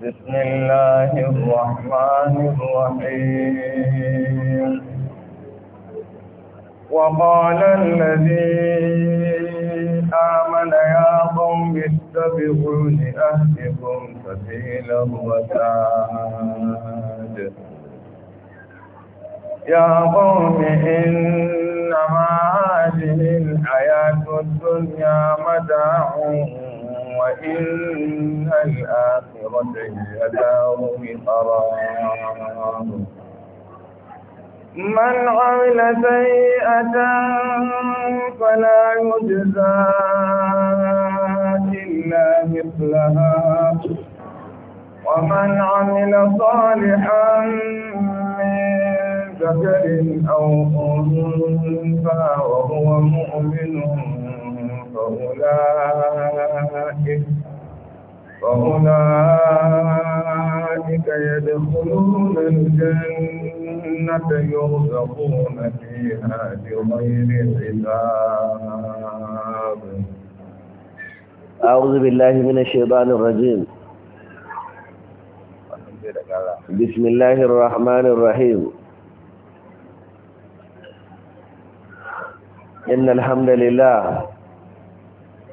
بسم الله الرحمن الرحيم وقال الذي آمن يا قوم اتبعون أهلكم سبيل الرشاد يا قوم إنما هذه الحياة الدنيا متاع وإن الآخرة هي دار القرار من عمل سيئة فلا يجزى إلا مثلها ومن عمل صالحا من ذكر أو أنثى وهو مؤمن فأولئك يدخلون الجنة يرزقون فيها بغير حساب أعوذ بالله من الشيطان الرجيم بسم الله الرحمن الرحيم إن الحمد لله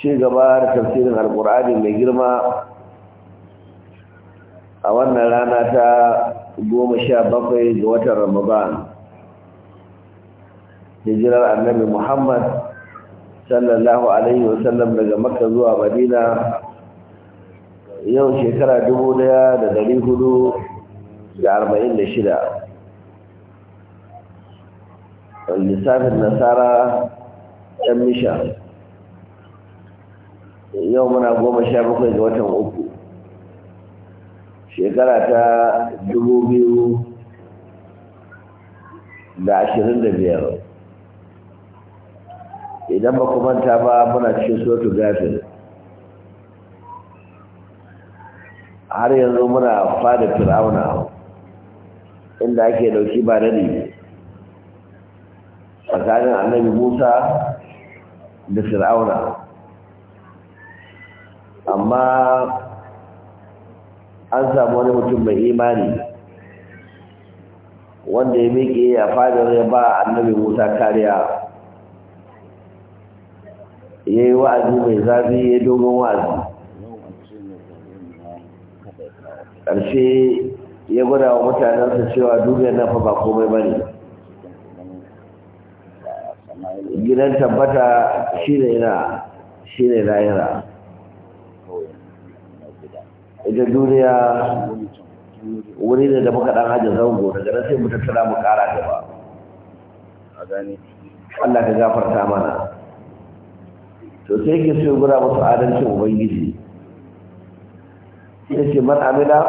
ci gaba da tafsirin alkur'ani mai girma a wannan rana ta goma sha bakwai ga watan ramadan hijirar annabi muhammad sallallahu alaihi wasallam daga makka zuwa madina yau shekara dubu daya da dari hudu da arba'in da shida lissafin nasara ɗan mishan yau muna goma sha bakwai ga watan uku shekara ta dubu biyu da ashirin da biyar idan ba manta ba muna cikin sotu gafin har yanzu muna fada fir'auna inda ake dauki ba dadi tsakanin annabi musa da fir'auna amma an samu wani mutum mai imani wanda ya miƙe a fadar ya ba annabi musa kariya ya yi wa'azi mai zafi ya dogon wa'azi ƙarshe ya gwada wa mutanensa cewa duniyar nafa ba komai ba ne gidan tabbata shi ne na shi ne na ita duniya wuri ne da muka dan hajji zango daga nan sai mu tattara mu kara gaba a gane Allah ka gafarta mana to sai ke so gura musu adalcin ubangiji sai ce man amila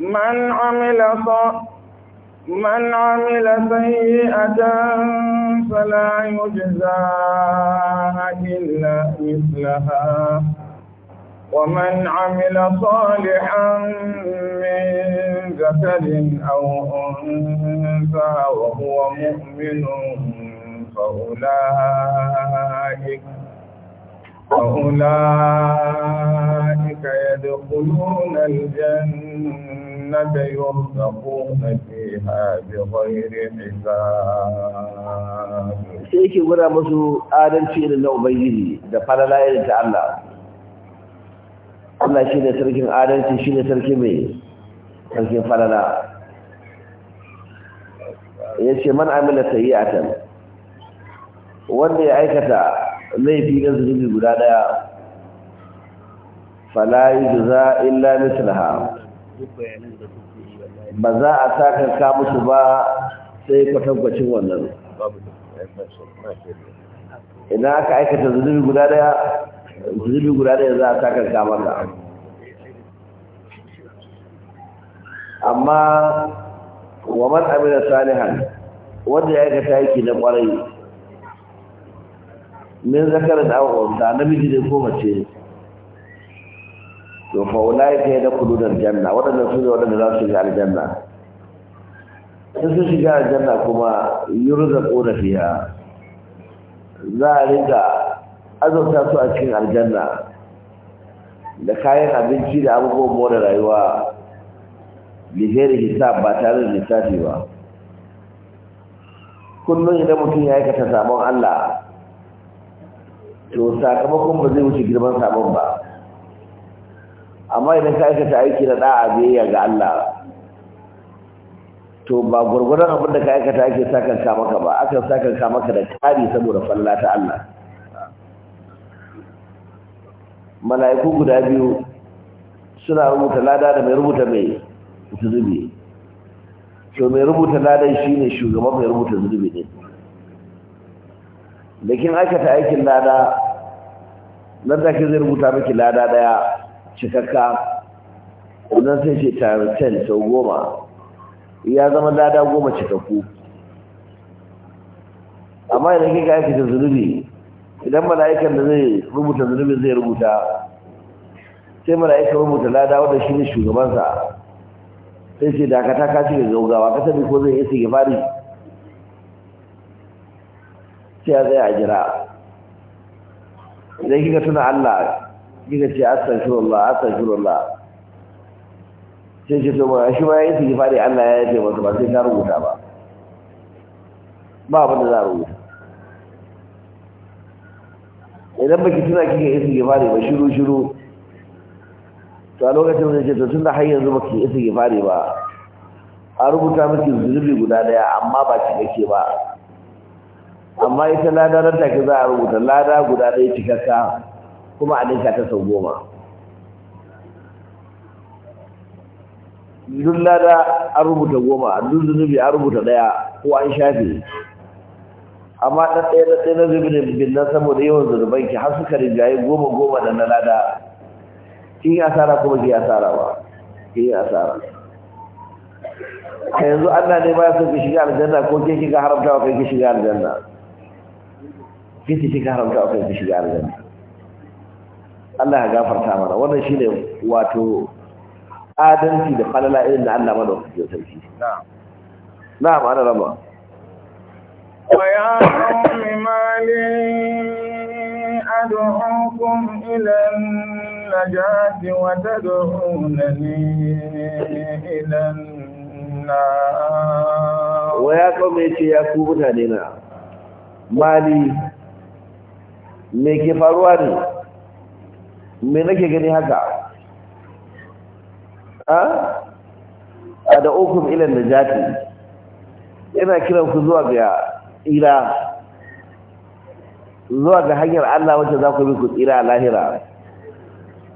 man amila sa man amila sayyi'atan فلا يجزى إلا مثلها ومن عمل صالحا من ذكر أو أنثى وهو مؤمن فأولئك فأولئك يدخلون الجنة يرزقون فيها بغير حساب. Sai yake gwada musu adalci irin na Ubangiji da falala irin ta Allah shi ne sarkin adalci shi ne sarki mai sarkin falala ya ce man Amina a can wanda ya aikata laifi na zunubi guda daya fala yujza illa mislaha ba za a saka ka musu ba sai kwatankwacin wannan idan aka aikata zunubi guda daya zubi guda ɗaya za a takarta maka amma wa man amina salihan wanda ya aikata yake na kwarai min zakar da namiji ne ko mace to ya na kudu da janna waɗanda su ne waɗanda za su shiga aljanna in sun shiga aljanna kuma yi yurzaquna fiha za a riga azauta su a cikin aljanna da kayan abinci da abubuwan more rayuwa liheri hisab ba tare da lissafi ba kullum idan mutum ya aikata sabon Allah to sakamakon ba zai wuce girman sabon ba amma idan ka aikata aiki na da'a biyayya ga Allah to ba gwargwaron abin da ka aikata ake sakan ka maka ba akan sakan ka maka da kari saboda fallata Allah mala'iku guda biyu suna rubuta lada da mai rubuta mai zubi, to mai rubuta ladan shine shugaban mai rubuta zubi ne da kin aikata aikin lada nan da ke zai rubuta miki lada daya cikakka wannan sai ce tare 10 sau goma ya zama lada goma cikakku amma idan kika aikata zubi. idan mala'ikan da zai rubuta zunubin zai rubuta sai mala'ikan rubuta lada wanda shi ne shugabansa sai ce dakata ka ce ga gawa ka sani ko zai yi sige fari sai ya zai a jira idan kika tuna Allah kika ce astaghfirullah astaghfirullah sai ce to ba shi ba ya yi sige fari Allah ya yafe masa ba sai ka rubuta ba ba abin da za a rubuta idan baki tuna kike istighfari ba shiru shiru to a lokacin da ce to tunda har yanzu baki isa istighfari ba a rubuta miki zunubi guda daya amma ba ki kake ba amma ita lada nan take za a rubuta lada guda daya cikakka kuma a dinka ta sau goma duk lada an rubuta goma duk zunubi an rubuta daya ko an shafe amma ɗan ɗaya da ɗaya na zubin bin nan saboda yawan zurban ki har suka rinjaye goma goma da na lada kin yi asara kuma ki asara ba kin yi asara a yanzu Allah ne ba ya son ki shiga aljanna ko ke kika haramta wa kai ki shiga aljanna ke ki haramta wa kai ki shiga aljanna Allah ya gafarta mana wannan shine wato adalci da falala irin da Allah madaukakin sarki na'am na'am ana rama ويا قوم ما لي أدعوكم إلى النجاة وتدعونني إلى النار ويا قوم يا كوبنا لنا mali me ke faruwa ne me nake gani haka a da ilan da jati yana kiran ku zuwa ga tsira zuwa ga hanyar Allah wacce za ku bi ku tsira a lahira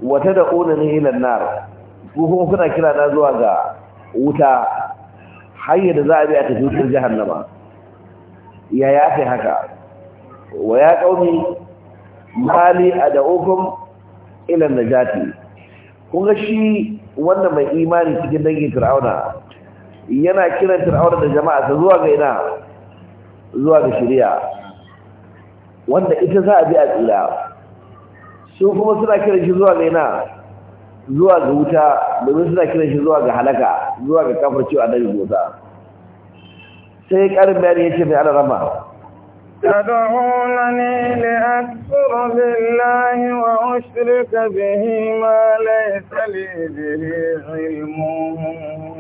wata da ƙona hilar nar kuma kuna kira na zuwa ga wuta hanyar da za a bi a tafi wutar jahannama ya ya fi haka wa ya ƙauni mali a da'ukum ilan najati kun ga shi wanda mai imani cikin dangin fir'auna yana kiran fir'auna da jama'a ta zuwa ga ina zuwa ga shirya wanda ita za a bi a tsira su kuma suna kiran shi zuwa ga yana zuwa ga wuta domin suna kiran shi zuwa ga halaka zuwa ga kafar cewa annabi Musa sai karin ya ce mai alarama تدعونني لأكفر بالله وأشرك به ما ليس لي به علم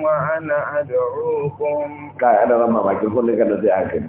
وأنا أدعوكم adarama لما ما كنت لك الذي أعلم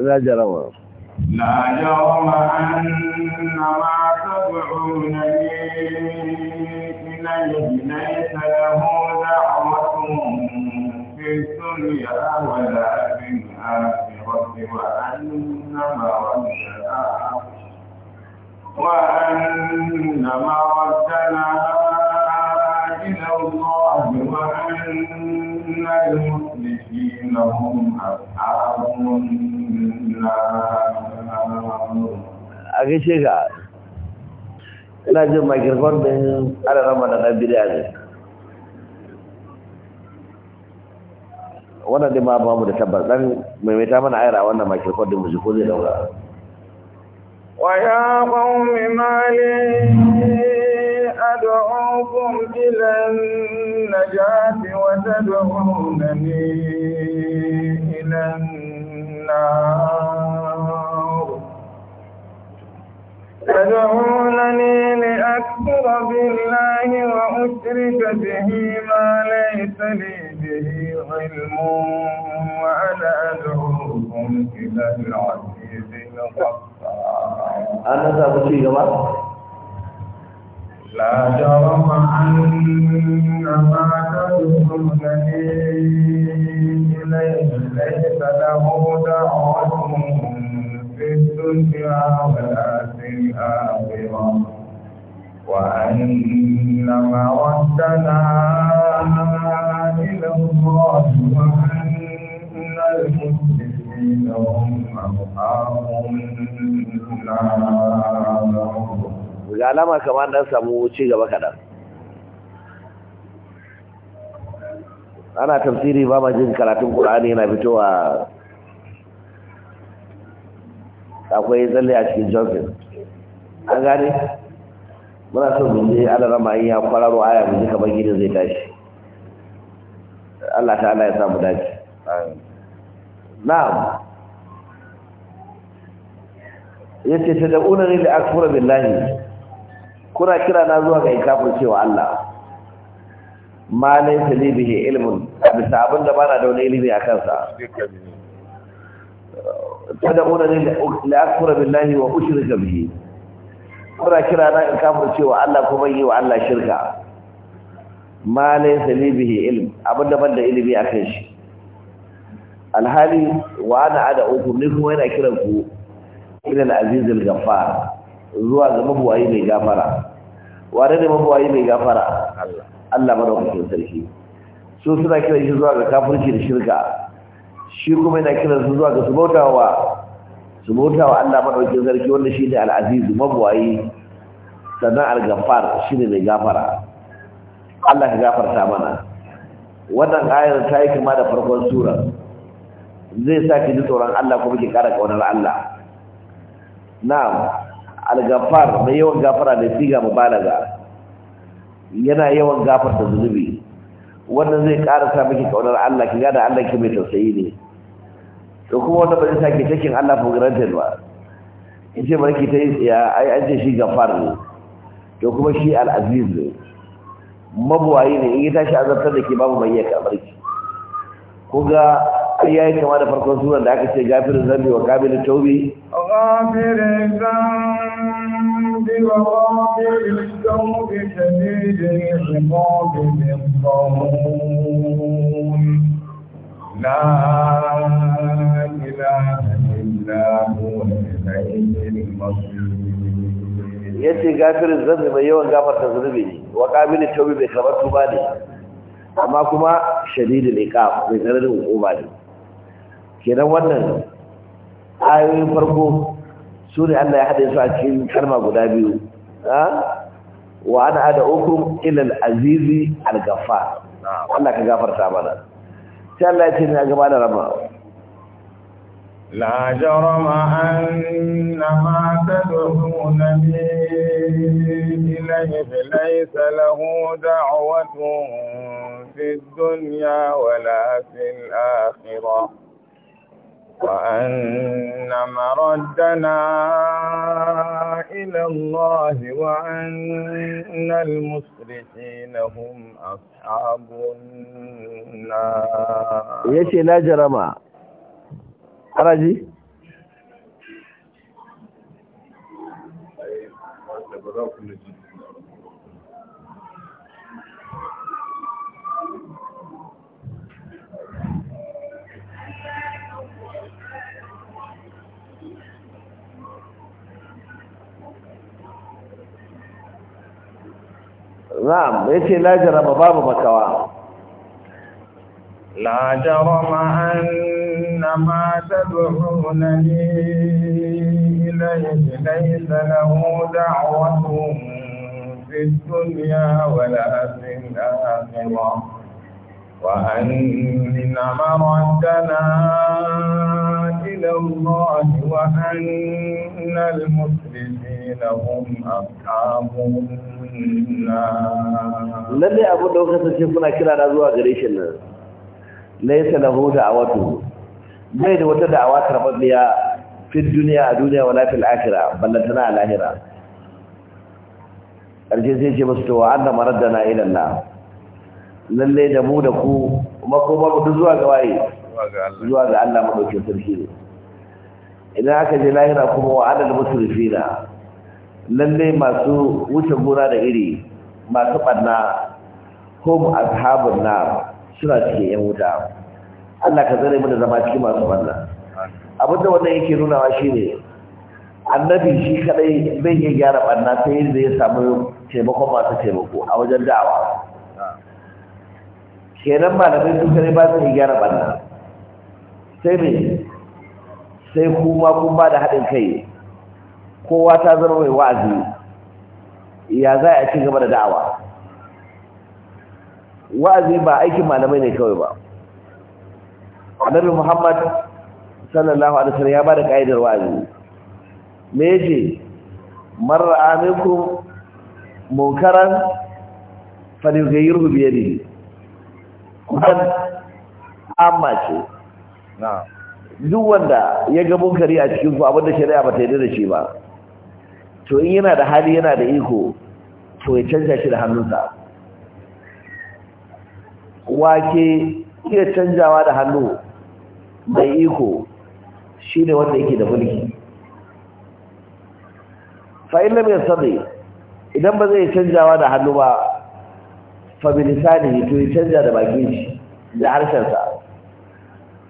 لا جرم لا جرم أن ما تدعون إليه ليس له دعوة في الدنيا ولا في الآخرة وأن مردنا وأن مردنا إلى الله وأن المسلمين هم أصحاب a gaishe ka ina jin makirkon din ana rama na bidiya ne wannan dai ma ba mu da tabbas dan maimaita mana ayar a wannan makirkon din musu ko zai daura ويا قوم ما لي أدعوكم إلى النجاة وتدعونني إلى النجاة النار تدعونني لأكفر بالله وأشرك به ما ليس لي به علم وأنا أدعوكم إلى العزيز الغفار أنا سأقول شيء لا جرم أن ما تدعون إليه ليس له دعوة في الدنيا ولا في الآخرة وأن مردنا إلى الله وأن المسلمين هم أصحاب النار ga alama kamar dan samu ci gaba kaɗan ana tafsiri ba ma jin karatun qur'ani yana fitowa akwai tsalle a cikin jofin an gane muna son mu je ala rama in ya kwararo aya mu ji kamar gidan zai tashi Allah ta'ala ya samu dace na'am yace tad'una li akfura billahi kuna kira na zuwa ga ikafin cewa Allah ma laysa li bihi ilmun bisa abin da bana da wani ilimi a kansa tad'una la akfura billahi wa ushrika bihi kuna kira na ikafin cewa Allah kuma yi wa Allah shirka ma laysa li ne ilimin abin da ban da ilimi a kan shi alhali wa ana ada uku ne kuma yana kiran ku ilal azizul aziz zuwa ga mabuwayi mai gafara wane ne mabuwayi mai gafara Allah madaukakin sarki su suna kiran shi zuwa ga kafirci da shirka shi kuma yana kiran su zuwa ga su bautawa su bautawa Allah madaukakin sarki wanda shi ne al'azizu mabuwayi sannan al shi ne mai gafara Allah ka gafarta mana wannan ayar ta yi kama da farkon sura zai sa ki ji tsoron Allah kuma ki kara kaunar Allah na'am al mai yawan gafara da siga mubalaga yana yawan gafar da zunubi wannan zai karasa miki kaunar Allah ki gada Allah ki mai tausayi ne to kuma wannan bazai sake cikin Allah for granted ba in ce barki ta yi tsiya ai an ce shi gafar ne to kuma shi al-aziz ne mabuwayi ne in ya tashi azabtar da ke babu mai ya barki kuga ga ai yayi kama da farkon suran da aka ce gafirin zambi wa kabilin taubi gafirin zambi yace gafirin zambi mai yawan gafarta zunubi wa kabilin taubi bai karɓar tuba ne amma kuma shadidul iqab bai zarar da hukuma ne kenan wannan ayoyin farko su ne Allah ya haɗe su a cikin kalma guda biyu wa ana ada ukum ilal azizi al-ghaffar Allah ka gafarta mana sai Allah ya ce ni a gaba da rama لا جرم أن ما تدعونني إليه ليس له دعوة في الدنيا ولا في الآخرة وأن مردنا إلى الله وأن المسرحين هم أصحاب النار يشي لا جرما أراجي na'am yace la jarama babu makawa la jarama anna ma tad'unani ilayhi laysa lahu da'watun fid dunya wala fil akhirah wa anna maradana إلى الله وأن المسلمين هم أصحاب النار للي أبو دوكا سيكون كنا نزوى غريشنا ليس له دعوته بين وتدعوات ربنا في الدنيا الدنيا ولا في الآخرة بل لتنا على الآخرة الجزيجي مستوى عنا مردنا إلى الله للي دمو دكو وما كو ما كو تزوى قوائي zuwa ga Allah madaukin sarki ne idan aka je lahira kuma wa adal musrifina lalle masu wuce gona da iri masu barna hum ashabun na suna cikin yan wuta Allah ka zare mu da zama cikin masu barna abin da wannan yake wa shine annabi shi kadai bai iya gyara barna sai da ya samu taimakon masu taimako a wajen da'awa kenan malamai su kadai ba su iya gyara barna sai me sai kuma kun ba da haɗin kai kowa ta zama mai wa'azi ya za a ci gaba da da'awa wa'azi ba aikin malamai ne kawai ba annabi muhammad sallallahu alaihi wasallam ya ba da ka'idar wa'azi me yake man ra'a munkaran falyughayyirhu bi ne? kusan amma ce na'am duk wanda ya ga munkari a cikin ku abinda shari'a ba ta yi da shi ba to in yana da hali yana da iko to ya canza shi da hannunsa wake iya canzawa da hannu mai iko shi ne wanda yake da mulki na mai sabi idan ba zai canzawa da hannu ba fa fabilisani to ya canza da bakin shi da harshensa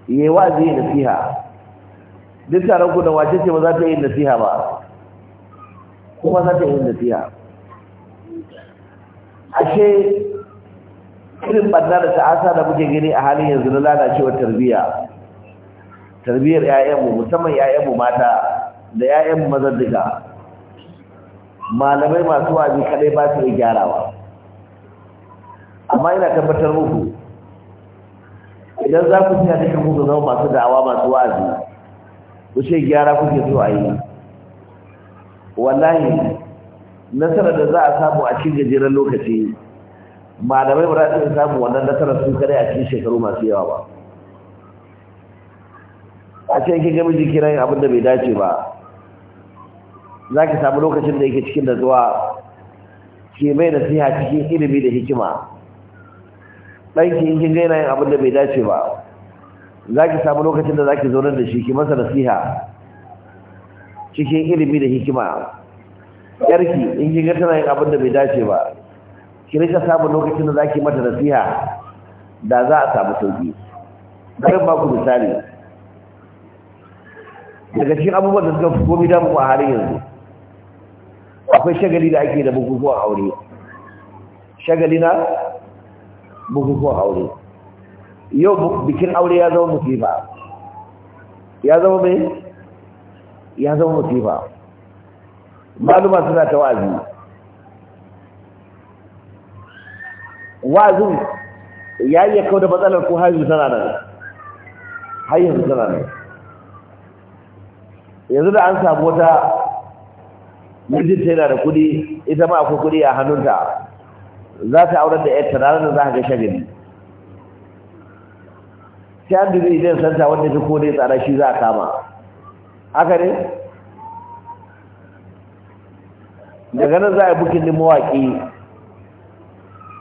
yayi wazi nasiha duk taron ku da wace ce ba za ta yi nasiha ba kuma za ta yi nasiha ashe irin banna da ta'asa da muke gani a halin yanzu na lalacewar tarbiyya tarbiyyar 'ya'yanmu musamman 'ya'yanmu mata da 'ya'yan mazaddiga malamai masu wazi kadai ba su iya gyarawa amma ina tabbatar muku idan za ku tsaya da kanku zama masu da'awa masu wa'azi ku ce gyara kuke so ayi. yi wallahi nasarar da za a samu a cikin gajeren lokaci malamai ba za su samu wannan nasarar su kare a cikin shekaru masu yawa ba a cikin kin miji kira abin da bai dace ba za ki samu lokacin da yake cikin da zuwa ke mai nasiha cikin ilimi da hikima ɗanki in kin gaina yana yin abin da bai dace ba za ki samu lokacin da za ki zaunar da shi ki masa nasiha cikin ilimi da hikima yarki in kin gata tana yin abin da bai dace ba ki rika samun lokacin da za ki mata nasiha da za a samu sauki bari ba ku misali daga cikin abubuwan da suka fi komi damu a halin yanzu akwai shagali da ake da bukukuwan aure shagali na bukukuwan aure yau bikin aure ya zama musifa ya zama mai ya zama musifa maluma suna ta wa'azi wa'azin ya yi kawo da matsalar ko haihu tana nan haihu tana nan yanzu da an samu wata mijinta yana da kudi ita ma akwai kudi a hannunta za ta aurar da yarta ranar da za ka ga shagali sai an dubi idan santa wanda ta kone tsara shi za a kama haka ne daga nan za a yi bukin din mawaƙi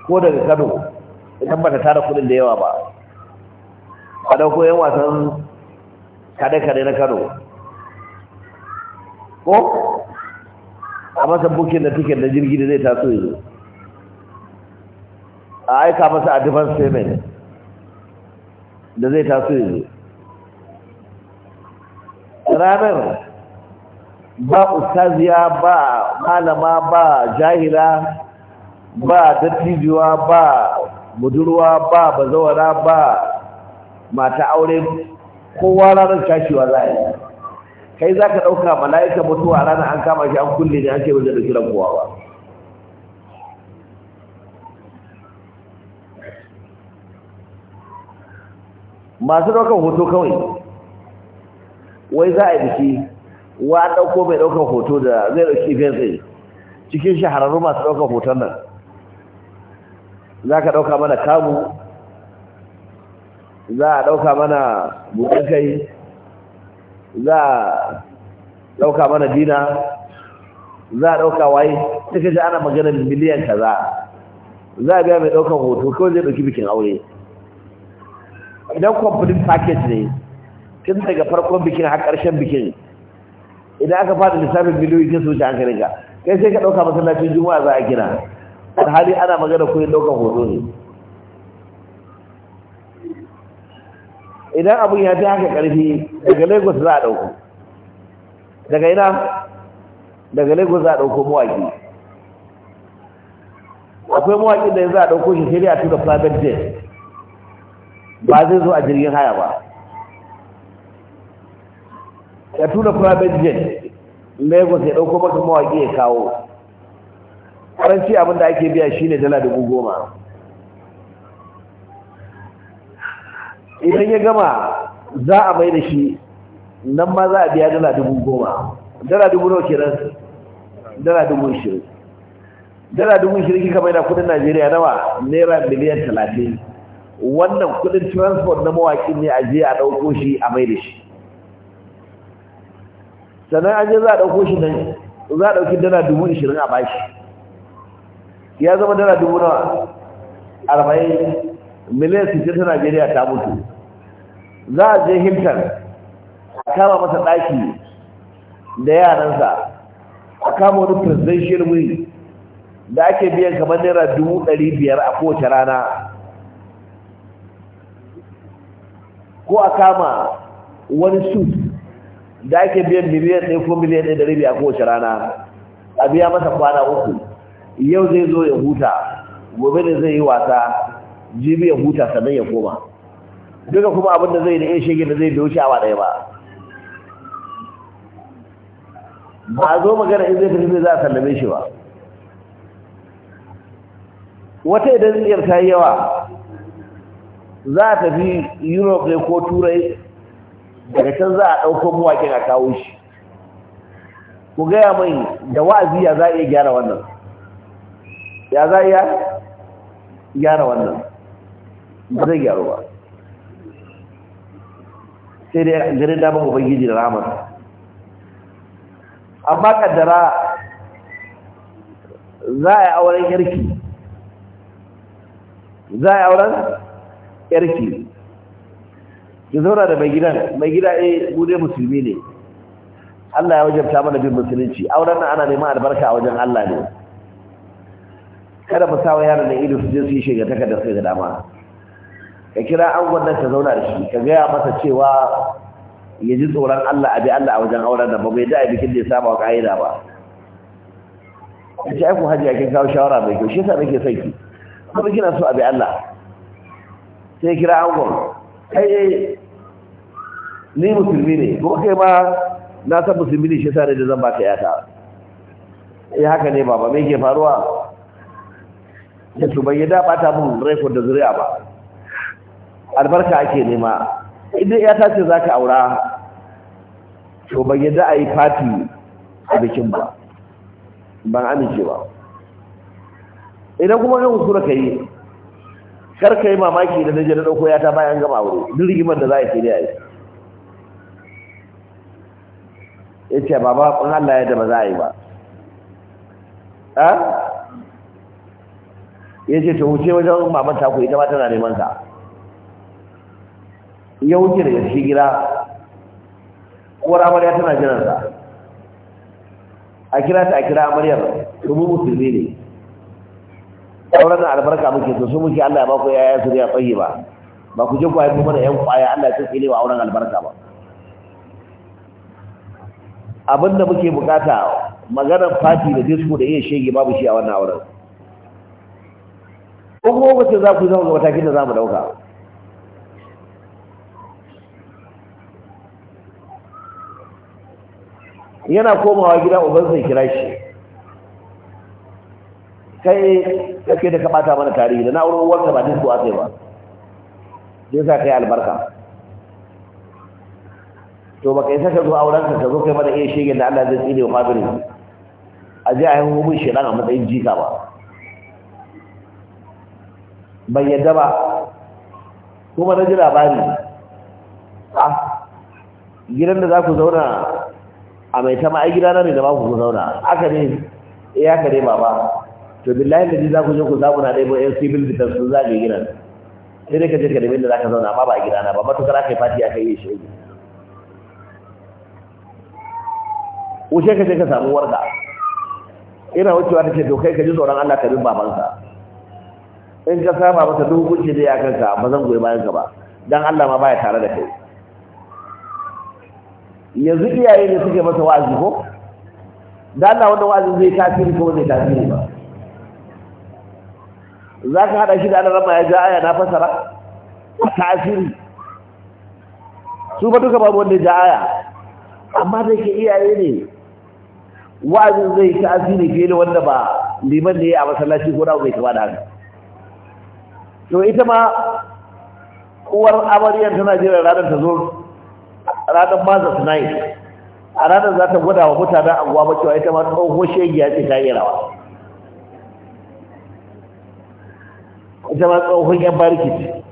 ko daga kano idan ba ta tara kudin da yawa ba a ɗauko yan wasan kade-kade na kano ko a masa bukin da tiket na jirgi da zai taso yanzu a aika masa advance payment da zai taso yanzu ranar ba ustaziya ba malama ba jahila ba dattijuwa ba budurwa ba bazawara ba mata aure kowa ranar cashewa za a yi kai za ka ɗauka mala'ika mutuwa ranar an kama shi an kulle ne an ce da da kiran kowa ba masu ɗaukar hoto kawai wai za a biki wa ɗauko mai ɗaukar hoto da zai ɗauki fensi cikin shahararru masu ɗaukar hoton nan za ka ɗauka mana kamu za a ɗauka mana buɗin kai za a ɗauka mana dina za a ɗauka waye suka ji ana maganar miliyan kaza za a biya mai ɗaukar hoto kawai zai ɗauki bikin aure idan complete package ne tun daga farkon bikin har ƙarshen bikin idan aka fada lissafin miliyoyi sai su wuce an riga kai sai ka ɗauka masallacin juma'a za a gina hali ana magana kuɗin ɗaukar hoto ne idan abin ya fi haka ƙarfi daga lagos za a ɗauko daga ina daga lagos za a ɗauko mawaƙi akwai mawaƙi da ya za a ɗauko shi sai dai a tura private jet ba zai zo a jirgin haya ba ya tuna private jet lagos ya ɗauko masu mawaƙi ya kawo ƙaranci abin da ake biya shine dala dubu goma idan ya gama za a mai da shi nan ma za a biya dala dubu goma dala dubu nau kenan dala dubu shirin dala dubu shirin kika mai da kudin najeriya nawa naira miliyan talatin wannan kudin transport na mawaƙin ne a je a ɗauko shi a mai da shi sannan an je za a ɗauko shi nan za a ɗauki dala dubu ishirin a bashi ya zama dala dubu na arba'in miliyan sittin ta najeriya ta mutu za a je hilton a kama masa ɗaki da yaransa a kama wani presidential wing da ake biyan kamar naira dubu ɗari biyar a kowace rana ko a kama wani suit da ake biyan miliyan ɗaya ko miliyan ɗaya da rabi a kowace rana a biya masa kwana uku yau zai zo ya huta gobe da zai yi wasa jibi ya huta sannan ya koma duka kuma abin da zai da iya shege da zai biyo shi awa ɗaya ba ba a zo magana in zai tafi za a sallame shi ba wata idan tsiyar ta yi yawa za a tafi europe ne ko turai daga can za a ɗauko mawaƙin a kawo shi ku gaya mai da wa'azi ya za a iya gyara wannan ya za a iya gyara wannan ba zai gyaru ba sai dai garin damar ubangiji da ramar amma kaddara za a yi auren yarki za a yi auren yarki ki zauna da mai gidan mai gida eh mu musulmi ne Allah ya wajabta mana bin musulunci auren nan ana neman albarka a wajen Allah ne kada mu yana yaran ido su je su yi shiga taka da sai da dama ka kira an nan ta zauna da shi ka gaya masa cewa ya ji tsoron Allah a bi Allah a wajen auren nan ba bai da bikin da ya saba wa ka'ida ba ka ce aiku a kin kawo shawara mai kyau shi yasa nake son ki kuma kina so a bi Allah sai kira angon kai ni musulmi ne ko kai ma na san musulmi ne shi sa da zan baka yata eh haka ne baba me ke faruwa ya su bai da bata mun rekod da zuriya ba albarka ake nema idan yata ce zaka aura to bai yadda a yi fati a bikin ba ban amince ba idan kuma yin kusura ka yi kar ka yi mamaki da daji na ɗauko ya ta bayan gama wuri duk rigimar da za a shirya yi ya ce ba ba kun Allah da ba za a yi ba ya ce ta wuce wajen maman kuwa ita ma tana neman ka ya wuce da yashi gida uwar amarya tana jiran sa a kira ta a kira amaryar domin musulmi ne sauran na albarka muke to su muke Allah ya ba ku yaya su ya tsayi ba ba ku je ku haifu mana yan kwaya Allah ya tsile wa auren albarka ba abin da muke bukata maganar fati da disco da iya shege babu shi a wannan auren ko kuma wacce za ku yi zama matakin da za mu dauka yana komawa gida ubansa kira shi kai kake da kamata mana tarihi da na'urar uwarka ba disko a ba sai sa kai albarka to baka yi saka zo aurenka ka zo kai mana iya shege da Allah zai tsine wa fadiri a ji a yi hukumin shedan a matsayin jika ba bai yadda ba kuma na ji labari a ah, gidan da za ku zauna a mai tama ai na ne da ba ku zauna aka ne ya eh, ka ne baba to billahi da za ku je ku zamu na dai ba yan da su sun zage gidan sai dai ka je ka nemi da zaka zauna amma ba a na ba matukar aka yi fati aka yi shi wuce ka je ka samu warda ina wucewa ta ce to kai ka ji tsoron Allah ka bin babansa in ka saba masa duk hukunci zai akan ka ba zan goyi bayan ka ba dan Allah ma baya tare da kai yanzu iyaye ne suke masa wa'azi ko da Allah wanda wa'azi zai tasiri ko zai tasiri ba za ka haɗa shi da ana rama ya ja aya na fasara tasiri su ba duka babu wanda ja aya amma da ke iyaye ne wa'azin zai tasiri fiye da wanda ba liman ne a masallaci ko da mai kama da haka to ita ma uwar amaryar tana jira ranar ta zo ranar mazas night a ranar za ta gwada wa mutanen anguwa ba cewa ita ma tsohon shegiya ce ta yi rawa ita ma tsohon yan bariki ce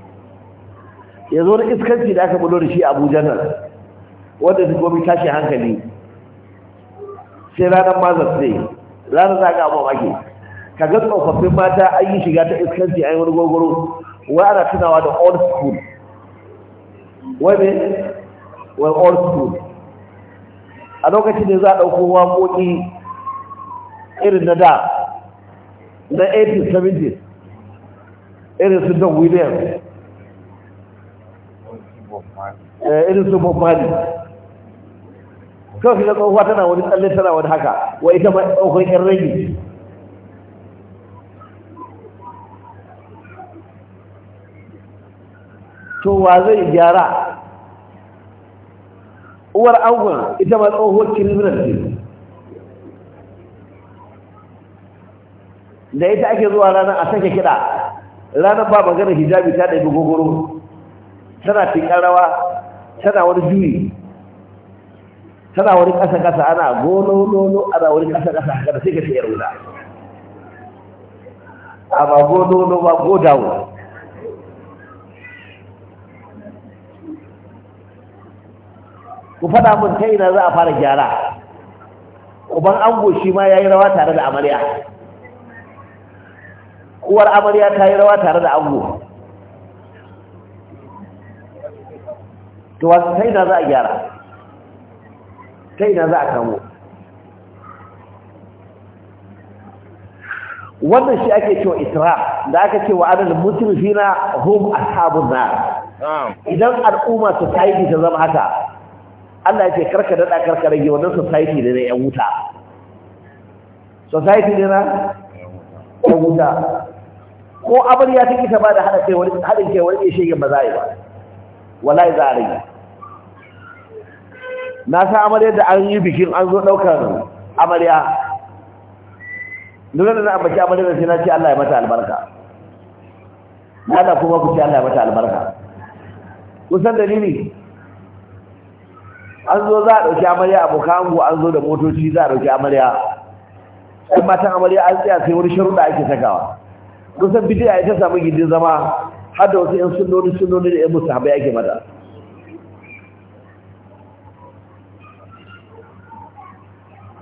ya zo da iskanci da aka bulo da shi abuja nan wanda su gobe tashi hankali sai ranar mazar ne ranar za ga abuwa ake ka ga tsofaffin mata an yi shiga ta iskanci an yi wani gogoro wai ana tunawa da old school wai ne wai old school a lokacin da za a ɗauko waƙoƙi irin na da na 1870s irin su don william irin su bob mali kawai da tsohuwa tana wani tsalle tana wani haka wa ita ma tsohon yan rage to wa zai gyara uwar angon ita ma tsohuwar criminal ce da ita ake zuwa rana a sake kiɗa ranar ba maganar hijabi ta ɗaibi gogoro tana tiƙar rawa tana wani juyi tana wani ƙasa-ƙasa ana gono-nono ana wani ƙasa-ƙasa haka da sai ka sai A amma gono-nono ba dawo ku faɗa mun ta ina za a fara gyara ban ango shi ma ya yi rawa tare da amarya uwar amarya ta yi rawa tare da ango to wasu ta ina za a gyara ta ina za a kamo wannan shi ake cewa isra da aka ce wa adal musulfina hum ashabun na. idan al'umma society ta zama haka Allah ya ce karka daɗa karka rage wannan society ne na 'yan wuta society ne na 'yan wuta ko amarya ta ita ba da haɗa kai wani haɗin kai wani ba za a yi ba wallahi za a rage na sa amarya da an yi bikin an zo ɗaukar amarya duk da na ambaci amarya da sai na ce Allah ya mata albarka na da kuma ku ce Allah ya mata albarka kusan dalili an zo za a ɗauki amarya a bukangu an zo da motoci za a ɗauki amarya ɗan matan amarya an tsaya sai wani sharuɗa ake sakawa kusan bidiya ita samu gidin zama har da wasu 'yan sunnoni sunnoni da 'yan haɓe ake mata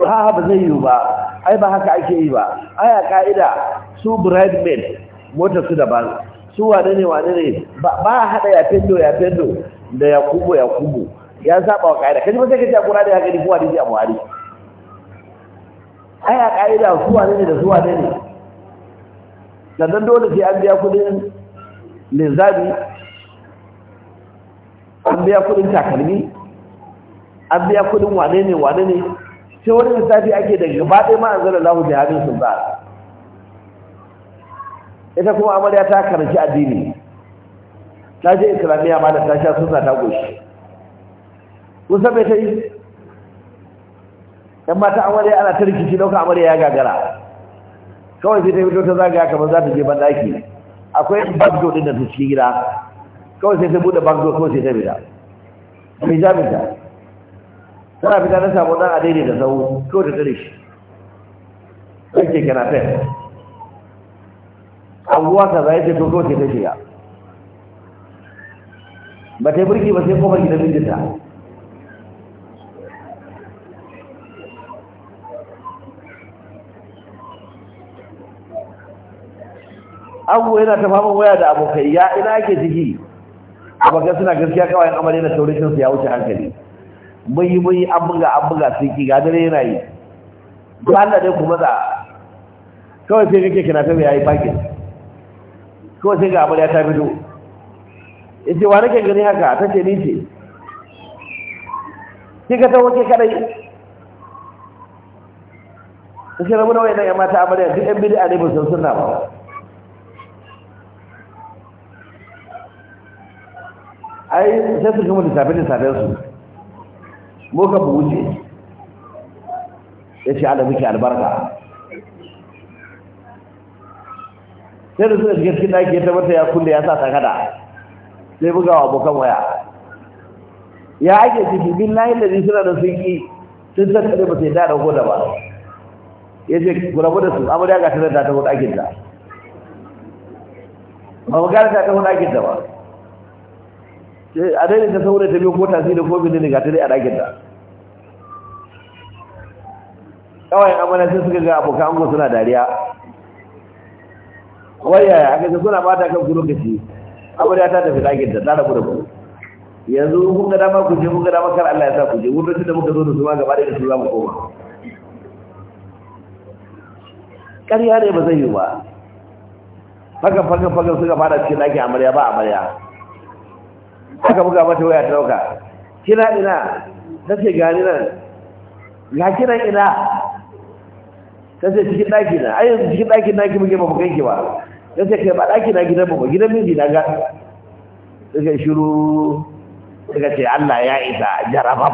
ha haɓe zai yi ba ai ba haka ake yi ba a ka'ida su men motar su daban su wane ne wane ne ba a haɗa ya fendo ya fendo da ya kubo ya kubo ya saba wa ka'ida kaji ba sai kaji a kura da ya gani kuwa da ya buhari aya ka'ida su wane ne da su wane ne sannan dole sai an biya kudin linzami an biya kudin takalmi an biya kudin wane ne wane ne sai wani lissafi ake da gaba ɗaya ma'an zara lahu da hannun sun ba ita kuma amarya ta karanci addini ta je islamiyya ma da ta sha suna ta goshi Kun mai ta yi ‘yan mata amarya ana ta rikici ɗauka amarya ya gagara kawai sai ta fito ta zagaya kamar za ta je banɗaki akwai bagdo ɗin da ta cikin gida kawai sai ta buɗe bagdo ko sai ta fita mai jaminta tana fita na samu ɗan a da sau kawai ta tare shi ake kana fai abubuwa ka za ta ce to sai ta shiga ba ta yi burki ba sai kofar gidan mijinta Abu yana ta faman waya da abokai ya ina ake ciki abokan suna gaskiya kawai yan amare na taurin ya wuce hankali mun yi mun yi an buga an buga sun ki ga dare yana yi ba Allah dai kuma da kawai sai kake kina ta yayi fakin kawai sai ga amarya ta fito yace wa nake gani haka tace ni ce kika ta wuce kadai kace rabu da yamma mata amarya duk ɗan bid'a ne ba san sunna ba ai sai su gama lissafe lissafen su muka bu wuce ya ce ala muke albarka sai da suka shiga cikin ɗaki ya tabbata ya kulle ya sa takada sai buga wa abokan waya ya ake ciki bin layin da suna da sun ki sun san kaɗai ba sai da ɗauko da ba ya ce ku da su amurya ga tarar da ta hudu ake ta ba mu gane ta ta hudu ake ta ba a dai ta saboda ta biyo ko tasiri da ko ne ga ta dai a dakin ta kawai amana sai suka ga abokan ango suna dariya waya aka ce suna bata kan ku lokaci amarya ta tafi dakin ta ta rabu da ku yanzu kun ga dama ku je kun ga dama kar Allah ya sa ku je wurin da muka zo da su ma gaba da su za mu koma ƙarya ne ba zai yi ba fagan fagan fagan suka fara cikin ɗakin amarya ba amarya aka buga mata waya ta dauka kina ina ta ce ni nan ga kina ina ta ce cikin ɗaki na ai cikin ɗakin na ki muke ba bukan ki ba ta ce kai ba ɗaki na gidan ba gidan miji na ga suka shiru suka ce Allah ya isa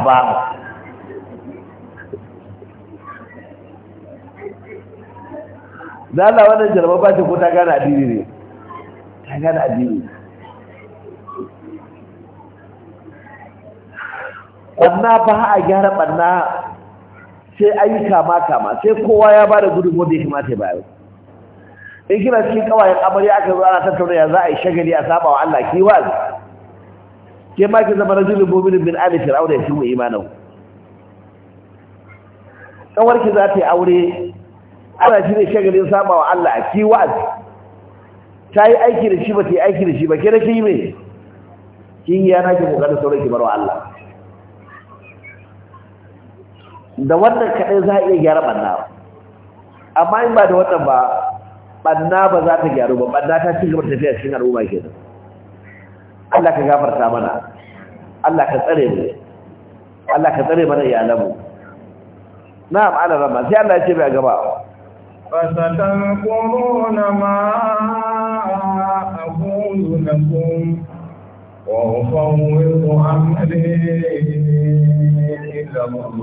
ba. da Allah wannan ba ce ko ta gane adini ne ta gane addini ɓanna ba a gyara ɓanna sai an yi kama kama sai kowa ya ba da gudun wanda ya kamata ya bayo in kina cikin kawayen amarya aka zo ana tattauna ya za a yi shagali a saba wa Allah ki wa'azi ke ma ki zama rajulun bin min ali fir'auna ya mu imanau. kawar ki za ta yi aure ana shi ne shagalin saba wa Allah ki wa'azi ta yi aiki da shi ba ta yi aiki da shi ba ke da ki yi mai kin yi yana ki kokarin sauran ki bar wa Allah da wannan kaɗai za a iya gyara ɓanna ba amma in ba da wannan ba ɓanna ba za ta gyaru ba ɓanna ta ci gaba da tafiya cikin al'umma ke nan Allah ka gafarta mana Allah ka tsare mu Allah ka tsare mana Na na'am ala rama sai Allah ya ce bai gaba ma ما أقول لكم وأفوض أمري wannan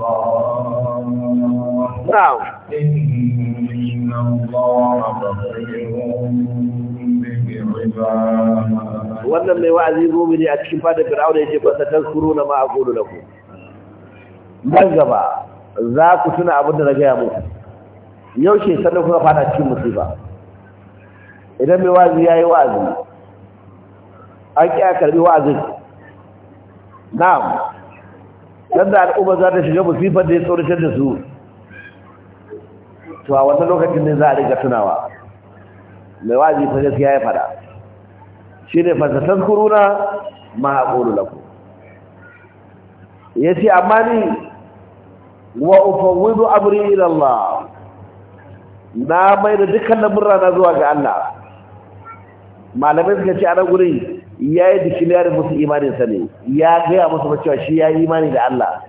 mai wa'azi ne a cikin fadar fir'auna ya ba ta taskuru na ma da ku ɗan gaba za ku tuna abin da na gaya muku yau ce sannan kuka fada cikin musiba idan mai wa'azi ya yi wa'azi an ƙi a karbi wa'azin na'am yadda al'umma za ta shiga musifar da ya tsoratar da su to a wannan lokacin ne za a riga tunawa mai wazi fa gaskiya ya fada shi ne fa kuruna ma lafu Ya ce amma ni wa ufawwidu amri ila Allah na mai da dukkan lamurra na zuwa ga Allah malamai suka ce a nan guri ya yi dikilarin musu imanin ne ya gaya musu ba cewa shi ya yi imani da Allah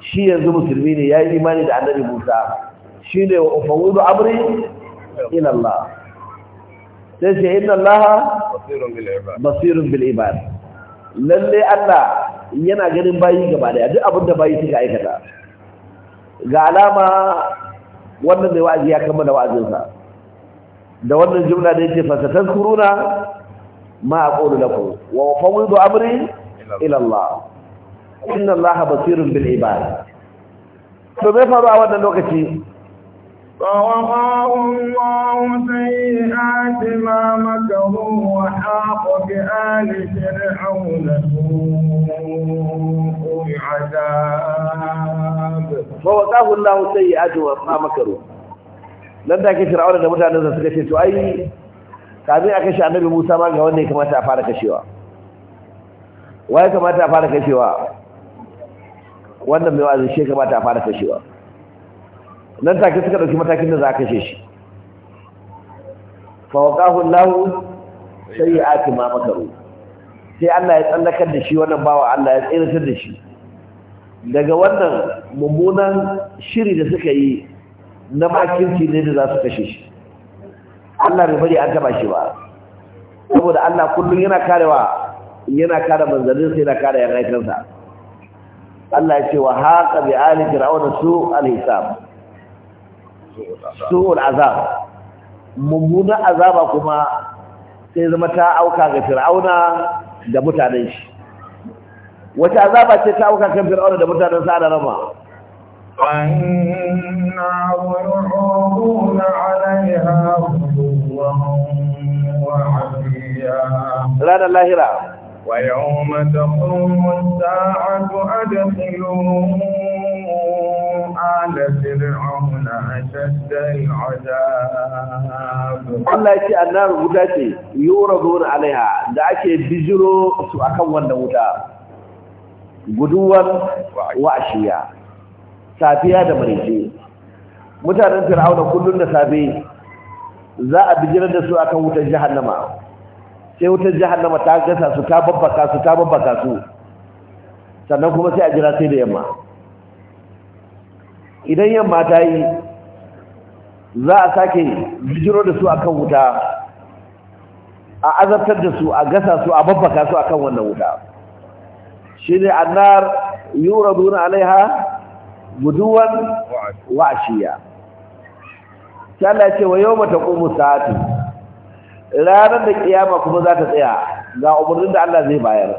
shi yanzu musulmi ne ya yi imani da annabi Musa shi ne wa ufawudu amri ila Allah sai ce inna Allah basirun bil ibad lalle Allah yana ganin bayi gaba daya duk abin da bayi suka aikata ga alama wannan mai wa'azi ya kammala wa'azinsa da wannan jumla da yake fasatan kuruna ma aqulu lakum wa fawwidu amri ila Allah inna Allah basirun bil to me faru a wannan lokaci فوقاه الله سيئات ما مكروا وحاق بآل فرعون سوء العذاب فوقاه الله سيئات ما مكروا nan da ke fir'auna da mutanen da suka ce to kafin a kashe annabi musa ma ga wanda ya kamata a fara kashewa wa ya kamata a fara kashewa wannan mai wa'azi shi ya kamata a fara kashewa nan take suka ɗauki matakin da za a kashe shi sai ya ake ma makaru sai Allah ya tsallakar da shi wannan bawa Allah ya tsiratar da shi daga wannan mummunan shiri da suka yi na makinci ne da za su kashe shi Allah bai bari an taba shi ba saboda Allah kullun yana karewa yana kare manzalin sai yana kare yan aikansa Allah ya ce wa haqa bi ali fir'auna su al-hisab su al-azab mummuna azaba kuma sai zama ta auka ga fir'auna da mutanen shi wata azaba ce ta auka kan fir'auna da mutanen sa da rama Wannan wani hukuma alayya, ku bada wani na hira. Wa ya ce annar wuta ce yiwuwar ruwan da ake bijiro su akan wannan wuta. Gudunmawar wa'ashe ya. safiya da maraice mutanen fir'auna kullun da safe za a bijirar da su akan wutar jahannama sai wutar jahannama ta gasa su ta babbaka su ta babbaka su sannan kuma sai a jira sai da yamma idan yamma ta yi za a sake bijiro da su akan wuta a azabtar da su a gasa su a babbaka su akan wannan wuta shine annar yuraduna alaiha guduwan wa'ashiya sai Allah ce wa yawma taqumu sa'atu ranar da kiyama kuma za ta tsaya ga umurnin da Allah zai bayar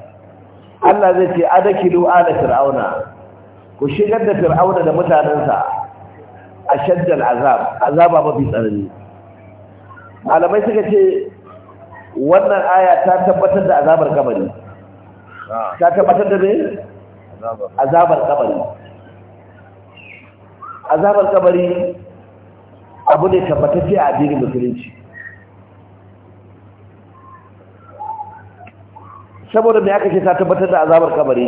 Allah zai ce adakilu ala fir'auna ku shigar da fir'auna da mutanansa shaddal azab azaba mafi tsanani malamai suka ce wannan aya ta tabbatar da azabar kabari ta tabbatar da ne azabar kabari azabar kabari abu ne tabbatacce a addinin musulunci saboda mai aka ce ta tabbatar da azabar kabari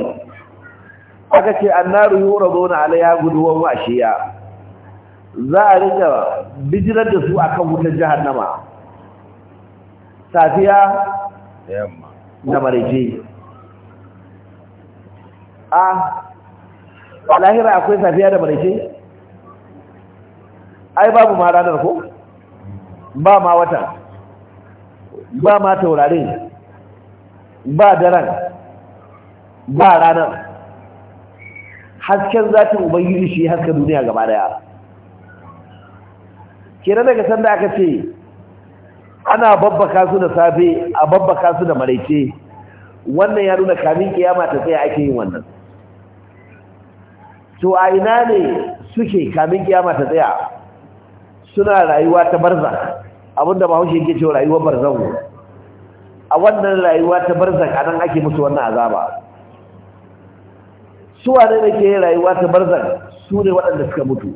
aka ce annaru yuraduna alaiha guduwan washiya za a rika bijirar da su akan wutar nama. safiya da maraice a lahira akwai safiya da maraice ai babu ma ranar ko ba ma wata ba ma taurarin ba daren ba ranar hasken zatin ubangiji shi haska duniya gaba daya da daga sanda aka ce ana babbaka su da safe a babbaka su da maraice wannan ya nuna kamin kiyama ta tsaya ake yin wannan to a ina ne suke kamin kiyama ta tsaya suna rayuwa ta barza abinda ba haushe yake cewa rayuwar ne a wannan rayuwa ta barzan anan ake musu wannan azaba su wane ne ke rayuwa ta barza su ne waɗanda suka mutu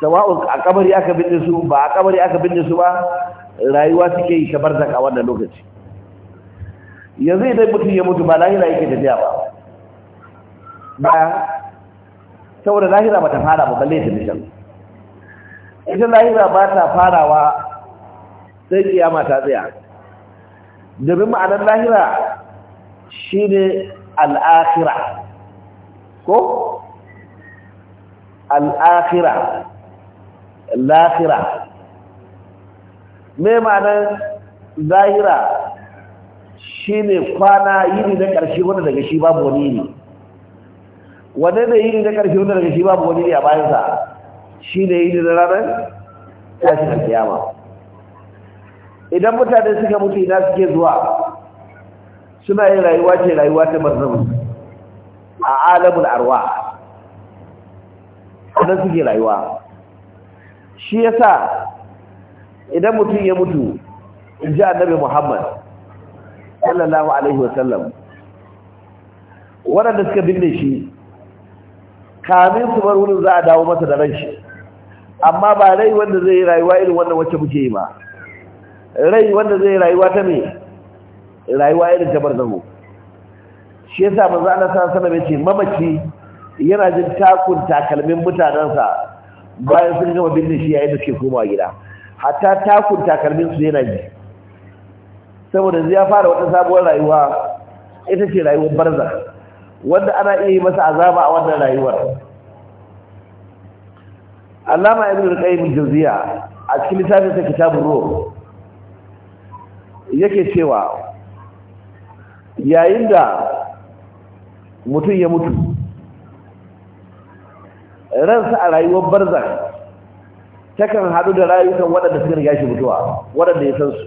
sawa'un a kabari aka binne su ba a kabari aka binne su ba rayuwa suke yi ta barza a wannan lokaci yanzu idan mutum ya mutu ba lahira yake tafiya ba ba saboda lahira ba ta fara ba balle ta nishan ita lahira ba ta farawa sai kiyama ta tsaya domin ma'anar lahira shi ne al'akira ko? al'akira lahira mai ma'anar lahira shi ne kwana yini na ƙarshe wanda daga shi babu wani ne wanda da yini na ƙarshe wanda daga shi babu wani ne a bayansa shi ne yi da ranar na kiyama idan mutane suka mutu ina suke zuwa suna yin rayuwa ce rayuwa ta barzahu a alamun arwa idan suke rayuwa shi yasa idan mutum ya mutu in ji annabi muhammad sallallahu alaihi wasallam waɗanda suka binne shi kamin su bar wurin za a dawo masa da shi. amma ba rai wanda zai rayuwa irin wannan wacce muke yi ba rai wanda zai rayuwa ta me rayuwa irin ta barzahu shi yasa manzo Allah sallallahu alaihi wasallam mamaci yana jin takun takalmin mutanansa bayan sun gama binne shi yayin da suke komawa gida hatta takun takalmin su yana ji saboda zai fara wata sabuwar rayuwa ita ce rayuwar barza wanda ana iya yi masa azaba a wannan rayuwar allama ibn al-qayyim jawziya a cikin littafin sa kitabur ruh yake cewa yayin da mutum ya mutu ransa a rayuwar barzan takan haɗu da rayukan waɗanda suka riga shi mutuwa waɗanda ya san su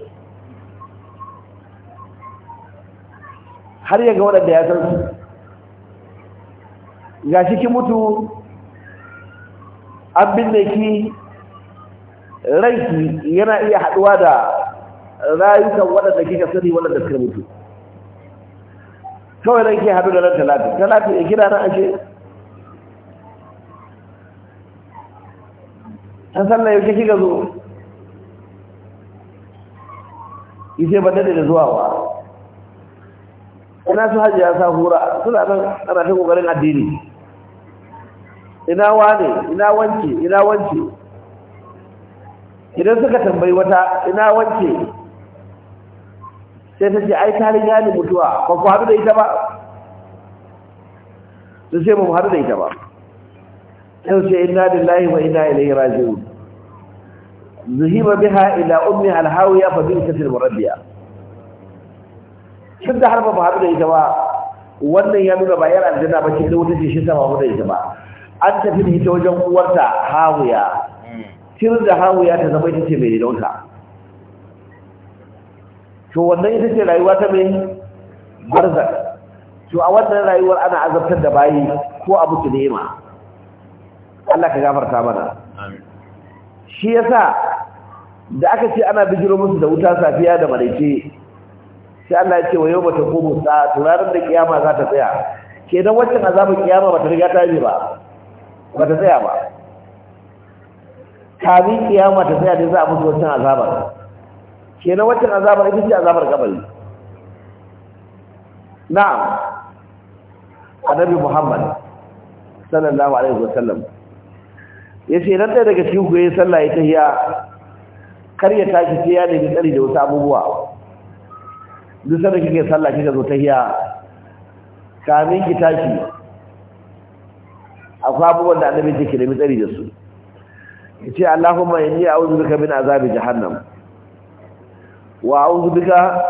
har yaga waɗanda ya san su ga shi ki mutu an binne ki ranki yana iya haɗuwa da rayukan waɗanda kika sani waɗanda suka mutu kawai ranki ke haɗu da nan talatin talatin ya kira nan ashe ta sallah yau kika zo ise ba dade da zuwa wa ina su hajji ya sa hura suna nan ana ta ƙoƙarin addini ina wane ina wanke ina wanke idan suka tambayi wata ina wanke sai ta ce ai ta riga mutuwa ba ku haɗu da ita ba su sai ba mu haɗu da ita ba sai ce da lillahi wa inna ilaihi Zuhi zuhiba biha ila ummi alhawiya fa bi katil murabbiya ta har ba mu haɗu da ita ba wannan ya nuna ba yar aljanna ba ce da wuta ce shi ta ba mu da ita ba an tafi da ita wajen uwarta hawuya tir da hawuya ta zama ita ce mai dauka to wannan ita ce rayuwa ta mai barzak to a wannan rayuwar ana azabtar da bayi ko abu su nema Allah ka gafarta mana shi yasa da aka ce ana bijiro musu da wuta safiya da maraice sai Allah ya ce wa yau ba ta komo sa turarin da kiyama za ta tsaya kenan waccan azabar kiyama ba ta riga ta yi ba ba ta tsaya ba kabi kiyama ta tsaya da za a mutu wancan azabar kenan wancan azabar ita ce azabar kabari na'am annabi muhammad sallallahu alaihi wasallam ce nan ɗaya daga cikin yayin sallah ya tahiya kar ya tashi sai ya nemi tsari da wasu abubuwa duk sanda kike sallah kika zo tahiya kamin ki tashi akwai abubuwan da annabi yake da tsari da su yace Allahumma inni a'udhu bika min azabi jahannam wa a'udhu bika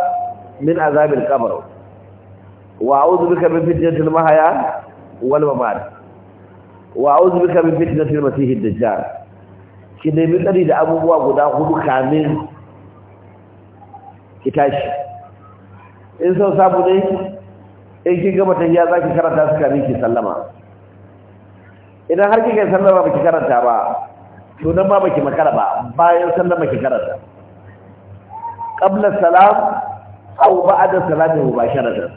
min azabi al-qabr wa a'udhu bika min fitnati al-mahya wal mamat wa a'udhu bika min fitnati al-masih ad-dajjal ki ne tsari da abubuwa guda hudu kamin ki tashi in sau sabu ne in kin gama tafiya zaki karanta su kamin ki sallama idan har kika sallama baki karanta ba to nan ma baki makara ba bayan sallama ki karanta qabla salam aw ba'da salam mubasharatan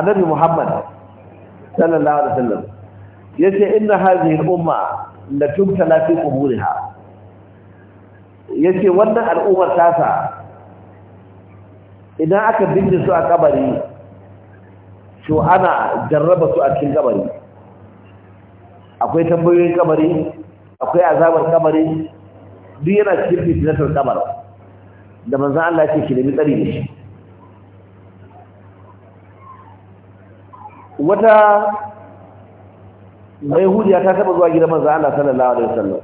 annabi muhammad sallallahu alaihi wasallam yace inna hadhihi al-umma la tubtala fi quburiha yace wannan al'ummar tasa idan aka binne su a kabari to ana jarraba su a cikin kabari akwai tambayoyin kabari akwai azabar kabari duk yana cikin fitinatar kabar da manzo Allah yake ki da tsari da shi wata mai hudiya ta taba zuwa gidan manzo Allah sallallahu alaihi wasallam